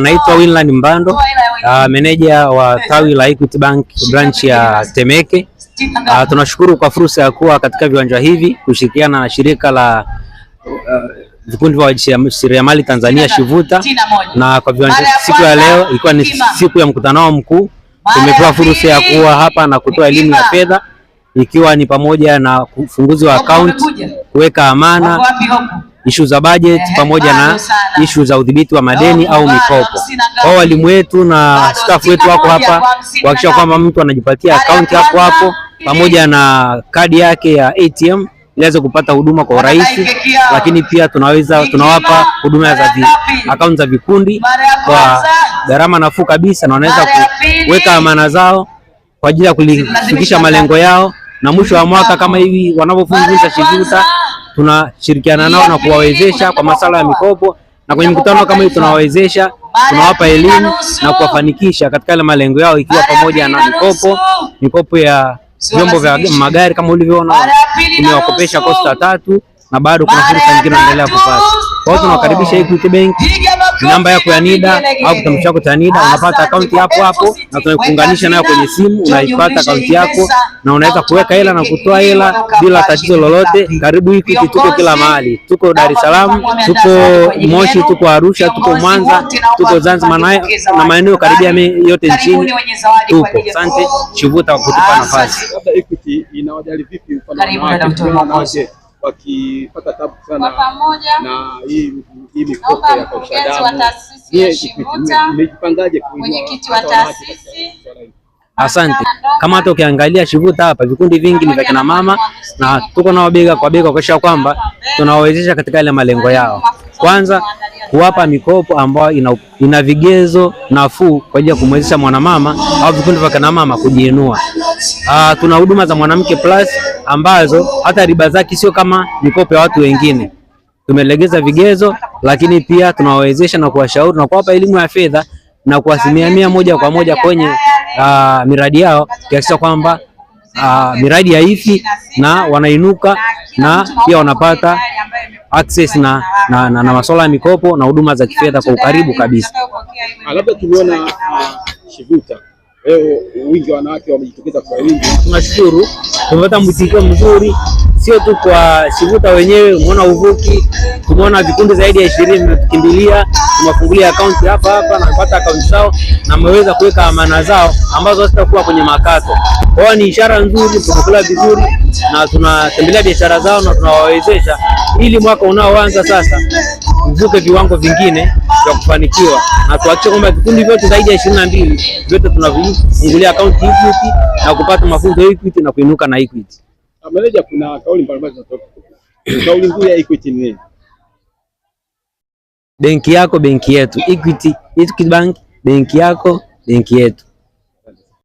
Anaitwa oh. Winland Mbando, uh, meneja wa tawi la Equity Bank branch ya Temeke. Uh, tunashukuru kwa fursa ya kuwa katika viwanja hivi kushirikiana na shirika la uh, vikundi vya wajasiriamali Tanzania SHIVUTA, na kwa viwanja siku ya leo ikiwa ni siku ya mkutano wao mkuu, tumepewa fursa ya kuwa hapa na kutoa elimu ya fedha ikiwa ni pamoja na ufunguzi wa akaunti, kuweka amana ishu za budget pamoja na ishu za udhibiti wa madeni au mikopo. Kwa walimu wetu na staff wetu wako hapa kuhakikisha kwamba mtu anajipatia akaunti hapo hapo pamoja na kadi yake ya ATM aweze kupata huduma kwa urahisi, lakini pia tunaweza tunawapa huduma za akaunti za vikundi kwa gharama nafuu kabisa, na wanaweza kuweka amana zao kwa ajili ya kufikisha malengo yao, na mwisho wa mwaka kama hivi wanavyofunguza shivuta tunashirikiana nao na kuwawezesha kwa masuala ya mikopo, na kwenye mkutano kama hii tunawawezesha, tunawapa elimu na kuwafanikisha katika yale malengo yao, ikiwa pamoja na mikopo, mikopo ya vyombo vya magari kama ulivyoona tumewakopesha kosta tatu na bado kuna fursa nyingine naendelea kupata. Kwa hiyo tunawakaribisha Equity Bank namba yako ya NIDA au kitambulisho chako cha NIDA, unapata akaunti hapo hapo na tunakuunganisha nayo kwenye simu, unaipata akaunti yako na unaweza kuweka hela na kutoa hela bila tatizo lolote. Karibu Equity, tuko kila mahali, tuko Dar es Salaam, tuko Moshi, tuko Arusha, tuko Mwanza, tuko Zanzibar na maeneo karibia yote nchini tuko. Asante Chivuta kwa kutupa nafasi wakipata tabu sana na hii hii mikopo ya Mmejipangaje? Mwenyekiti wa taasisi Asante. Kama hata ukiangalia Shivuta hapa vikundi vingi ni vya kina mama, na tuko nao bega kwa bega kuhakikisha kwamba tunawawezesha katika yale malengo yao. Kwanza kuwapa mikopo ambayo ina, ina vigezo nafuu kwa ajili ya kumwezesha mwanamama au vikundi vya kinamama kujiinua. Uh, tuna huduma za mwanamke plus ambazo hata riba zake sio kama mikopo ya watu wengine. Tumelegeza vigezo, lakini pia tunawawezesha na kuwashauri na kuwapa elimu ya fedha na kuwasimamia moja kwa moja kwenye uh, miradi yao kiasi kwamba ah, miradi ya ifi na wanainuka na pia wanapata access na, na, na, na masuala ya mikopo na huduma za kifedha kwa ukaribu kabisa. Ah, labda tumeona ah, Shivuta leo wingi wanawake wamejitokeza kwa wingi, tunashukuru tumepata mwitikio mzuri sio tu kwa Shivuta wenyewe. Umeona uvuki, tumeona vikundi zaidi ya 20 vimetukimbilia, tumefungulia account hapa hapa na kupata account zao na wameweza kuweka amana zao ambazo hazitakuwa kwenye makato. Kwa hiyo ni ishara nzuri, tumekula vizuri na tunatembelea biashara zao na tunawawezesha ili mwaka unaoanza sasa uvuke viwango vingine vya kufanikiwa na tuhakikishe kwamba vikundi vyote zaidi ya ishirini na mbili vyote tunavifungulia akaunti Equity na kupata mafunzo Equity na kuinuka na Equity. Ah, Meneja, kuna kauli mbalimbali zinatoka. Kauli mbiu ya Equity ni nini? Benki yako benki yetu. Equity, Equity Bank benki yako benki yetu.